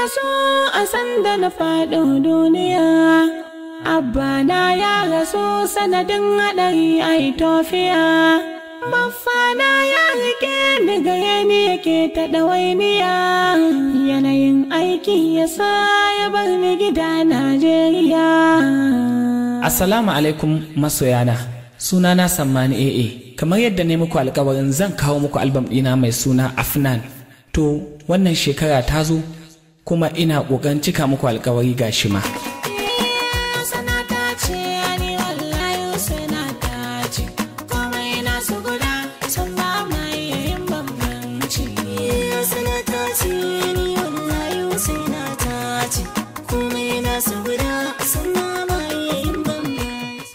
na a sanda na faɗin duniya abba na ya rasu sanadin haɗari a itofiya mafana ya rike ni gare ni yake ta ɗawainiya yanayin aiki ya sa ya bar ni gida najeriya assalamu alaikum masoyana sunana sammani aa kamar yadda ne muku alkawarin zan kawo muku albam ɗina mai suna afnan to wannan shekara ta zo kuma ina ƙoƙarin cika muku alkawari ga shi ma.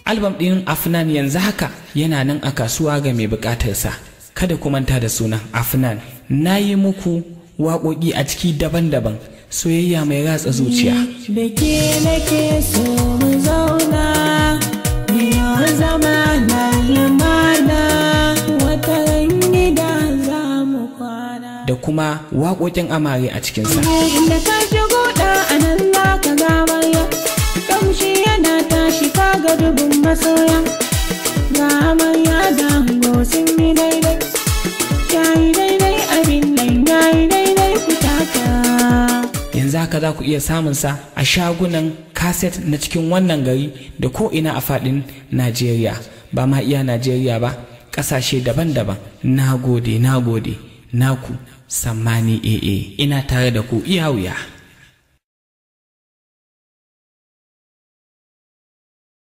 albam ɗin afnan yanzu haka yana nan a kasuwa ga mai buƙatarsa kada ku manta da sunan afnan na yi muku waƙoƙi a ciki daban-daban soyayya mai ratsa zuciya da ke nake so mu zauna yawan zama na lumana wata gida za mu kwana da kuma waƙoƙin amare a cikinsa da ka shigo da anan za ka gama ya kamshi yana tashi ka ga dubin masoya ga amarya da sun yi za haka za ku iya samunsa a shagunan kaset na cikin wannan gari da ko ina a faɗin najeriya ba ma iya najeriya ba ƙasashe daban-daban na gode na gode naku sammani aa ina tare da ku iya wuya